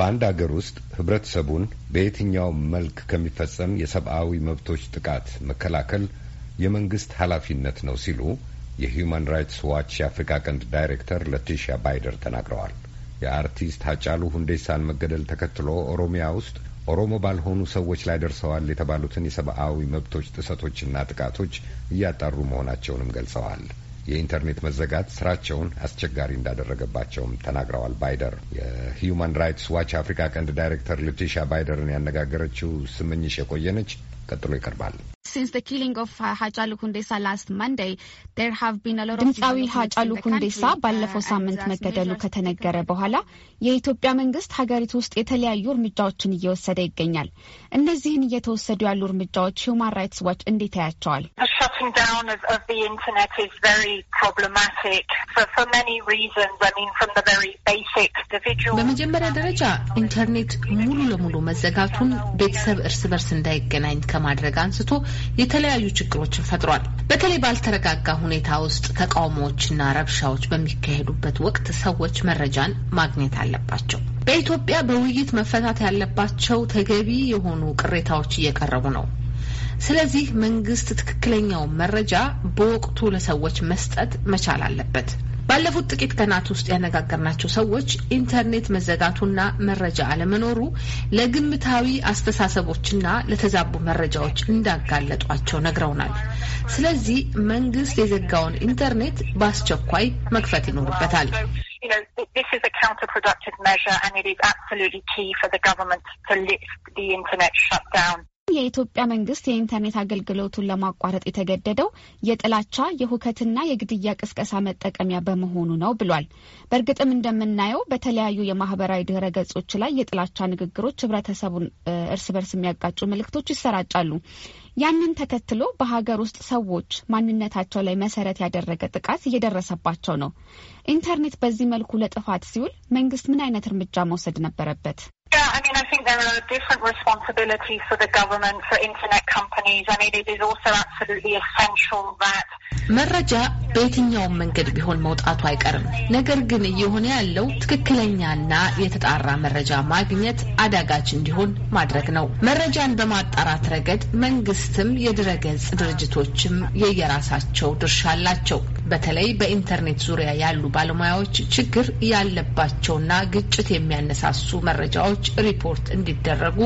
በአንድ አገር ውስጥ ህብረተሰቡን በየትኛው መልክ ከሚፈጸም የሰብአዊ መብቶች ጥቃት መከላከል የመንግስት ኃላፊነት ነው ሲሉ የሂዩማን ራይትስ ዋች የአፍሪካ ቀንድ ዳይሬክተር ለቲሻ ባይደር ተናግረዋል። የአርቲስት ሀጫሉ ሁንዴሳን መገደል ተከትሎ ኦሮሚያ ውስጥ ኦሮሞ ባልሆኑ ሰዎች ላይ ደርሰዋል የተባሉትን የሰብአዊ መብቶች ጥሰቶችና ጥቃቶች እያጣሩ መሆናቸውንም ገልጸዋል። የኢንተርኔት መዘጋት ስራቸውን አስቸጋሪ እንዳደረገባቸውም ተናግረዋል። ባይደር የሂዩማን ራይትስ ዋች አፍሪካ ቀንድ ዳይሬክተር ልቲሻ ባይደርን ያነጋገረችው ስምኝሽ የቆየነች ቀጥሎ ይቀርባል። uh, ድምፃዊ ሀጫሉ ሁንዴሳ uh, ባለፈው ሳምንት መገደሉ ከተነገረ በኋላ የኢትዮጵያ መንግስት ሀገሪቱ ውስጥ የተለያዩ እርምጃዎችን እየወሰደ ይገኛል። እነዚህን እየተወሰዱ ያሉ እርምጃዎች ሁማን ራይትስ ዋች እንዴት ያያቸዋል? በመጀመሪያ ደረጃ ኢንተርኔት ሙሉ ለሙሉ መዘጋቱን ቤተሰብ እርስ በርስ እንዳይገናኝ ከማድረግ አንስቶ የተለያዩ ችግሮችን ፈጥሯል። በተለይ ባልተረጋጋ ሁኔታ ውስጥ ተቃውሞዎችና ረብሻዎች በሚካሄዱበት ወቅት ሰዎች መረጃን ማግኘት አለባቸው። በኢትዮጵያ በውይይት መፈታት ያለባቸው ተገቢ የሆኑ ቅሬታዎች እየቀረቡ ነው። ስለዚህ መንግስት ትክክለኛውን መረጃ በወቅቱ ለሰዎች መስጠት መቻል አለበት። ባለፉት ጥቂት ቀናት ውስጥ ያነጋገርናቸው ሰዎች ኢንተርኔት መዘጋቱና መረጃ አለመኖሩ ለግምታዊ አስተሳሰቦችና ለተዛቡ መረጃዎች እንዳጋለጧቸው ነግረውናል። ስለዚህ መንግስት የዘጋውን ኢንተርኔት በአስቸኳይ መክፈት ይኖርበታል። you የኢትዮጵያ መንግስት የኢንተርኔት አገልግሎቱን ለማቋረጥ የተገደደው የጥላቻ የሁከትና የግድያ ቅስቀሳ መጠቀሚያ በመሆኑ ነው ብሏል። በእርግጥም እንደምናየው በተለያዩ የማህበራዊ ድህረ ገጾች ላይ የጥላቻ ንግግሮች፣ ህብረተሰቡን እርስ በርስ የሚያጋጩ መልእክቶች ይሰራጫሉ። ያንን ተከትሎ በሀገር ውስጥ ሰዎች ማንነታቸው ላይ መሰረት ያደረገ ጥቃት እየደረሰባቸው ነው። ኢንተርኔት በዚህ መልኩ ለጥፋት ሲውል መንግስት ምን አይነት እርምጃ መውሰድ ነበረበት? መረጃ በየትኛውም መንገድ ቢሆን መውጣቱ አይቀርም። ነገር ግን እየሆነ ያለው ትክክለኛና የተጣራ መረጃ ማግኘት አዳጋች እንዲሆን ማድረግ ነው። መረጃን በማጣራት ረገድ መንግስትም የድረገጽ ድርጅቶችም የየራሳቸው ድርሻ አላቸው። በተለይ በኢንተርኔት ዙሪያ ያሉ ባለሙያዎች ችግር ያለባቸውና ግጭት የሚያነሳሱ መረጃዎች ሪፖርት እንዲደረጉ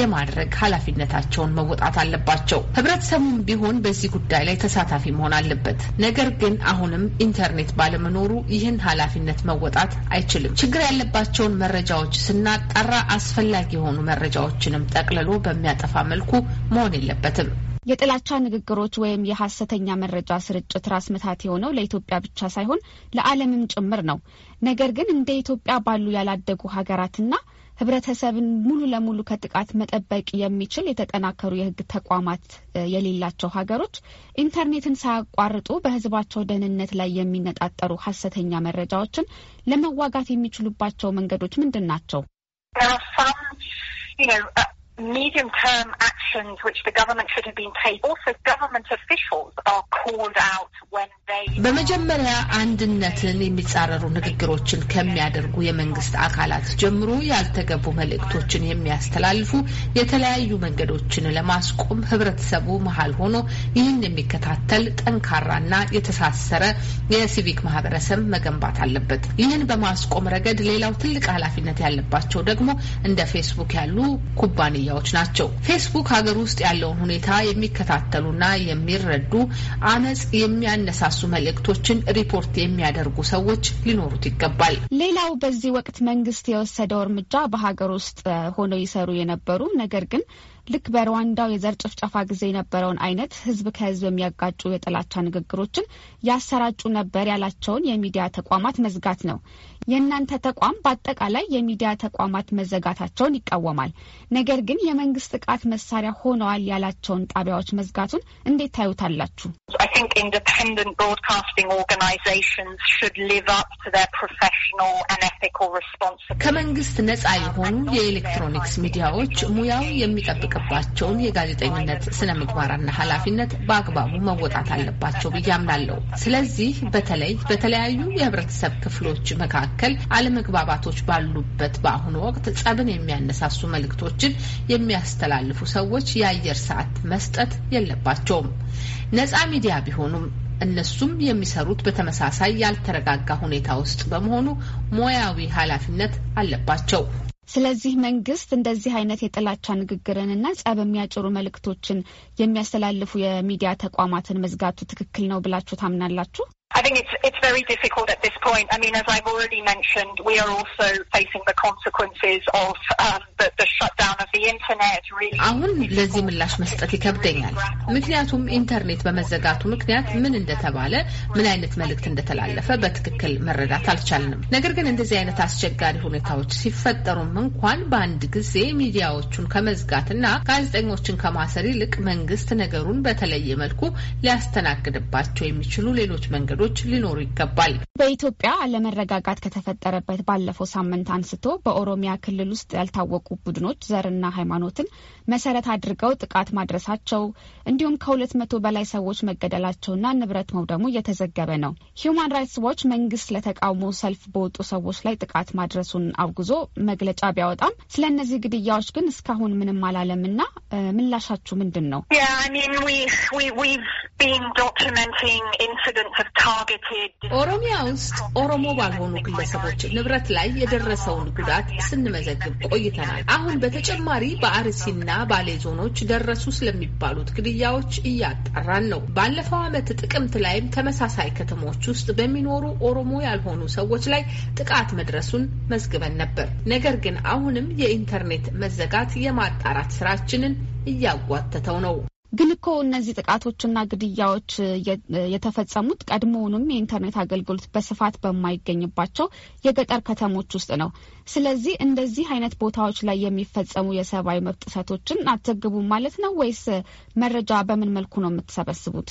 የማድረግ ኃላፊነታቸውን መወጣት አለባቸው። ህብረተሰቡም ቢሆን በዚህ ጉዳይ ላይ ተሳታፊ መሆን አለበት። ነገር ግን አሁንም ኢንተርኔት ባለመኖሩ ይህን ኃላፊነት መወጣት አይችልም። ችግር ያለባቸውን መረጃዎች ስናጣራ አስፈላጊ የሆኑ መረጃዎችንም ጠቅልሎ በሚያጠፋ መልኩ መሆን የለበትም። የጥላቻ ንግግሮች ወይም የሐሰተኛ መረጃ ስርጭት ራስ ምታት የሆነው ለኢትዮጵያ ብቻ ሳይሆን ለዓለምም ጭምር ነው። ነገር ግን እንደ ኢትዮጵያ ባሉ ያላደጉ ሀገራትና ህብረተሰብን ሙሉ ለሙሉ ከጥቃት መጠበቅ የሚችል የተጠናከሩ የህግ ተቋማት የሌላቸው ሀገሮች ኢንተርኔትን ሳያቋርጡ በህዝባቸው ደህንነት ላይ የሚነጣጠሩ ሀሰተኛ መረጃዎችን ለመዋጋት የሚችሉባቸው መንገዶች ምንድን ናቸው? በመጀመሪያ አንድነትን የሚጻረሩ ንግግሮችን ከሚያደርጉ የመንግስት አካላት ጀምሮ ያልተገቡ መልእክቶችን የሚያስተላልፉ የተለያዩ መንገዶችን ለማስቆም ህብረተሰቡ መሀል ሆኖ ይህን የሚከታተል ጠንካራና የተሳሰረ የሲቪክ ማህበረሰብ መገንባት አለበት። ይህን በማስቆም ረገድ ሌላው ትልቅ ኃላፊነት ያለባቸው ደግሞ እንደ ፌስቡክ ያሉ ኩባንያዎች ናቸው። ፌስቡክ በሀገር ውስጥ ያለውን ሁኔታ የሚከታተሉና የሚረዱ አመጽ የሚያነሳሱ መልእክቶችን ሪፖርት የሚያደርጉ ሰዎች ሊኖሩት ይገባል። ሌላው በዚህ ወቅት መንግስት የወሰደው እርምጃ በሀገር ውስጥ ሆነው ይሰሩ የነበሩ ነገር ግን ልክ በሩዋንዳው የዘር ጭፍጨፋ ጊዜ የነበረውን አይነት ህዝብ ከህዝብ የሚያጋጩ የጥላቻ ንግግሮችን ያሰራጩ ነበር ያላቸውን የሚዲያ ተቋማት መዝጋት ነው። የእናንተ ተቋም በአጠቃላይ የሚዲያ ተቋማት መዘጋታቸውን ይቃወማል። ነገር ግን የመንግስት ጥቃት መሳሪያ ሆነዋል ያላቸውን ጣቢያዎች መዝጋቱን እንዴት ታዩታላችሁ? I think independent broadcasting organizations should live up to their professional and ethical responsibility. ከመንግስት ነጻ የሆኑ የኤሌክትሮኒክስ ሚዲያዎች ሙያው የሚጠብቅባቸውን የጋዜጠኝነት ስነ ምግባርና ኃላፊነት በአግባቡ መወጣት አለባቸው ብዬ አምናለሁ። ስለዚህ በተለይ በተለያዩ የህብረተሰብ ክፍሎች መካከል አለመግባባቶች ባሉበት በአሁኑ ወቅት ጸብን የሚያነሳሱ መልእክቶችን የሚያስተላልፉ ሰዎች የአየር ሰዓት መስጠት የለባቸውም። ነጻ ሚዲያ ቢሆኑም እነሱም የሚሰሩት በተመሳሳይ ያልተረጋጋ ሁኔታ ውስጥ በመሆኑ ሙያዊ ኃላፊነት አለባቸው። ስለዚህ መንግስት እንደዚህ አይነት የጥላቻ ንግግርንና ጸብ የሚያጭሩ መልእክቶችን የሚያስተላልፉ የሚዲያ ተቋማትን መዝጋቱ ትክክል ነው ብላችሁ ታምናላችሁ? I think it's it's very difficult at this point. I mean, as I've already mentioned, we are also facing the consequences of um, the, the shutdown of the internet. Really, አሁን ለዚህ ምላሽ መስጠት ይከብደኛል። ምክንያቱም ኢንተርኔት በመዘጋቱ ምክንያት ምን እንደተባለ ምን አይነት መልእክት እንደተላለፈ በትክክል መረዳት አልቻልንም። ነገር ግን እንደዚህ አይነት አስቸጋሪ ሁኔታዎች ሲፈጠሩም እንኳን በአንድ ጊዜ ሚዲያዎቹን ከመዝጋትና ጋዜጠኞችን ከማሰር ይልቅ መንግስት ነገሩን በተለየ መልኩ ሊያስተናግድባቸው የሚችሉ ሌሎች መንገዶች መገደዶች ሊኖሩ ይገባል። በኢትዮጵያ አለመረጋጋት ከተፈጠረበት ባለፈው ሳምንት አንስቶ በኦሮሚያ ክልል ውስጥ ያልታወቁ ቡድኖች ዘርና ሃይማኖትን መሰረት አድርገው ጥቃት ማድረሳቸው እንዲሁም ከሁለት መቶ በላይ ሰዎች መገደላቸውና ንብረት መውደሙ እየተዘገበ ነው። ሂዩማን ራይትስ ዎች መንግስት ለተቃውሞ ሰልፍ በወጡ ሰዎች ላይ ጥቃት ማድረሱን አውግዞ መግለጫ ቢያወጣም ስለ እነዚህ ግድያዎች ግን እስካሁን ምንም አላለምና ምላሻችሁ ምንድን ነው? ኦሮሚያ ውስጥ ኦሮሞ ባልሆኑ ግለሰቦች ንብረት ላይ የደረሰውን ጉዳት ስንመዘግብ ቆይተናል። አሁን በተጨማሪ በአርሲና ባሌ ዞኖች ደረሱ ስለሚባሉት ግድያዎች እያጣራን ነው። ባለፈው ዓመት ጥቅምት ላይም ተመሳሳይ ከተሞች ውስጥ በሚኖሩ ኦሮሞ ያልሆኑ ሰዎች ላይ ጥቃት መድረሱን መዝግበን ነበር። ነገር ግን አሁንም የኢንተርኔት መዘጋት የማጣራት ስራችንን እያጓተተው ነው። ግን እኮ እነዚህ ጥቃቶችና ግድያዎች የተፈጸሙት ቀድሞውንም የኢንተርኔት አገልግሎት በስፋት በማይገኝባቸው የገጠር ከተሞች ውስጥ ነው። ስለዚህ እንደዚህ አይነት ቦታዎች ላይ የሚፈጸሙ የሰብአዊ መብት ጥሰቶችን አትዘግቡም ማለት ነው ወይስ መረጃ በምን መልኩ ነው የምትሰበስቡት?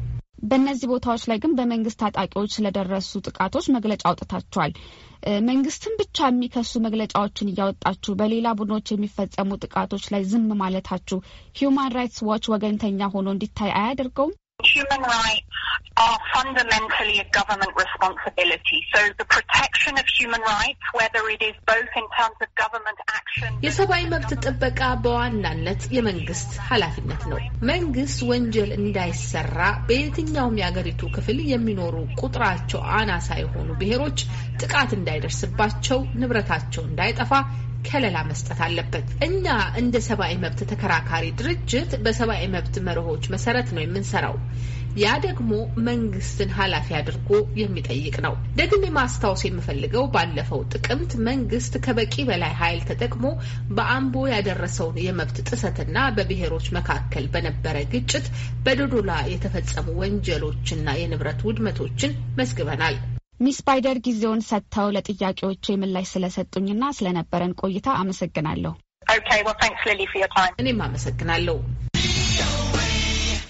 በእነዚህ ቦታዎች ላይ ግን በመንግስት ታጣቂዎች ስለደረሱ ጥቃቶች መግለጫ አውጥታቸዋል። መንግስትን ብቻ የሚከሱ መግለጫዎችን እያወጣችሁ በሌላ ቡድኖች የሚፈጸሙ ጥቃቶች ላይ ዝም ማለታችሁ ሂዩማን ራይትስ ዋች ወገንተኛ ሆኖ እንዲታይ አያደርገውም? human rights are fundamentally a government responsibility. So the protection of human rights, whether it is both in terms of government action... የሰብአዊ መብት ጥበቃ በዋናነት የመንግስት ኃላፊነት ነው። መንግስት ወንጀል እንዳይሰራ በየትኛውም የአገሪቱ ክፍል የሚኖሩ ቁጥራቸው አናሳ የሆኑ ብሔሮች ጥቃት እንዳይደርስባቸው፣ ንብረታቸው እንዳይጠፋ ከለላ መስጠት አለበት። እኛ እንደ ሰብአዊ መብት ተከራካሪ ድርጅት በሰብአዊ መብት መርሆች መሰረት ነው የምንሰራው። ያ ደግሞ መንግስትን ኃላፊ አድርጎ የሚጠይቅ ነው። ደግሜ ማስታወስ የምፈልገው ባለፈው ጥቅምት መንግስት ከበቂ በላይ ኃይል ተጠቅሞ በአምቦ ያደረሰውን የመብት ጥሰትና በብሔሮች መካከል በነበረ ግጭት በዶዶላ የተፈጸሙ ወንጀሎችና የንብረት ውድመቶችን መዝግበናል። ሚስ ባይደር ጊዜውን ሰጥተው ለጥያቄዎች ምላሽ ስለሰጡኝና ስለነበረን ቆይታ አመሰግናለሁ። እኔም አመሰግናለሁ።